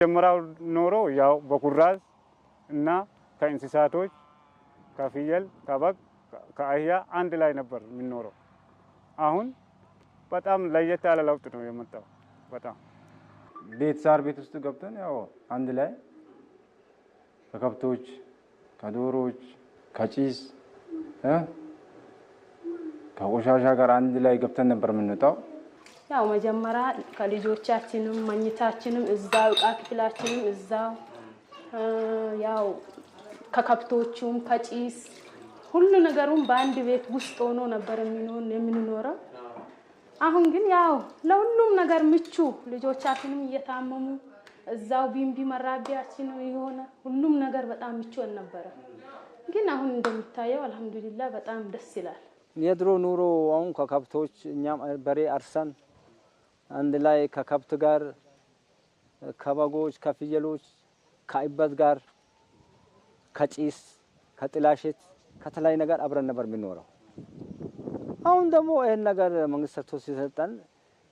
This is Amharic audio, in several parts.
መጀመሪያው ኖሮ ያው በኩራዝ እና ከእንስሳቶች ከፍየል፣ ከበግ፣ ከአህያ አንድ ላይ ነበር የሚኖረው። አሁን በጣም ለየት ያለ ለውጥ ነው የመጣው። በጣም ቤት ሳር ቤት ውስጥ ገብተን ያው አንድ ላይ ከከብቶች፣ ከዶሮች፣ ከጭስ ከቆሻሻ ጋር አንድ ላይ ገብተን ነበር የምንወጣው። ያው መጀመሪያ ከልጆቻችንም መኝታችንም እዛው እቃ ክፍላችንም እዛው ያው ከከብቶቹም ከጪስ ሁሉ ነገሩም በአንድ ቤት ውስጥ ሆኖ ነበር የምንኖረው። አሁን ግን ያው ለሁሉም ነገር ምቹ ልጆቻችንም እየታመሙ እዛው ቢንቢ መራቢያችን የሆነ ሁሉም ነገር በጣም ምቹ ነበረ። ግን አሁን እንደሚታየው አልሐምዱሊላ በጣም ደስ ይላል። የድሮ ኑሮ አሁን ከከብቶች እኛም በሬ አርሰን አንድ ላይ ከከብት ጋር ከበጎች፣ ከፍየሎች፣ ከአይበት ጋር ከጭስ፣ ከጥላሸት፣ ከተለያዩ ነገር አብረን ነበር የሚኖረው። አሁን ደግሞ ይህን ነገር መንግስት ሰጥቶ ሲሰጠን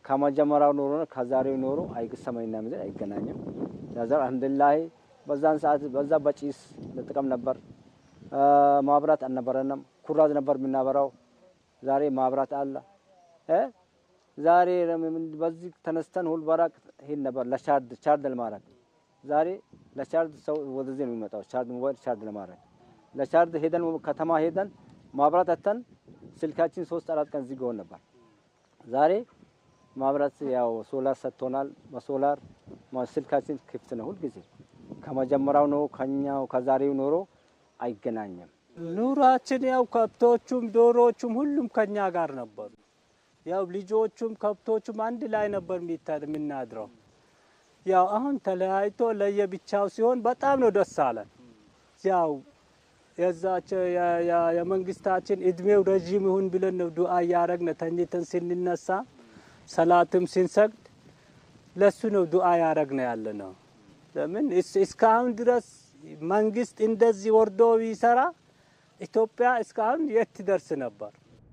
ከመጀመሪያው ኖሮ ከዛሬው ኖሮ አይግሰማኝና ምድር አይገናኝም። ለዛር አልሐምዱሊላህ በዛን ሰዓት በዛ በጭስ ንጥቀም ነበር። ማብራት አልነበረንም። ኩራዝ ነበር የምናበራው። ዛሬ ማብራት አለ። ዛሬ በዚህ ተነስተን ሁልባራቅ ሄድ ነበር ለቻርድ ቻርድ ለማድረግ ዛሬ ለቻርድ ሰው ወደዚህ ነው የሚመጣው። ቻርድ ሞባይል ቻርድ ለማድረግ ለቻርድ ሄደን ከተማ ሄደን ማብራት አተን ስልካችን ሶስት አራት ቀን ዝግ ሆኖ ነበር። ዛሬ ማብራት ያው ሶላር ሰጥቶናል። በሶላር ስልካችን ክፍት ነው ሁልጊዜ። ከመጀመሪያው ነው ከኛው ከዛሬው ኖሮ አይገናኝም። ኑራችን ያው ከብቶቹም ዶሮዎቹም ሁሉም ከኛ ጋር ነበሩ። ያው ልጆቹም ከብቶቹም አንድ ላይ ነበር የምናድረው። ያው አሁን ተለያይቶ ለየብቻው ሲሆን በጣም ነው ደስ አለን። ያው የዛቸው የመንግስታችን እድሜው ረዥም ይሁን ብለን ነው ዱአ እያረግን ተኝተን ስንነሳ ሰላትም ሲንሰግድ ለሱ ነው ዱአ ያረግነ ያለ ነው። ለምን እስካሁን ድረስ መንግስት እንደዚህ ወርዶ ቢሰራ ኢትዮጵያ እስካሁን የት ትደርስ ነበር?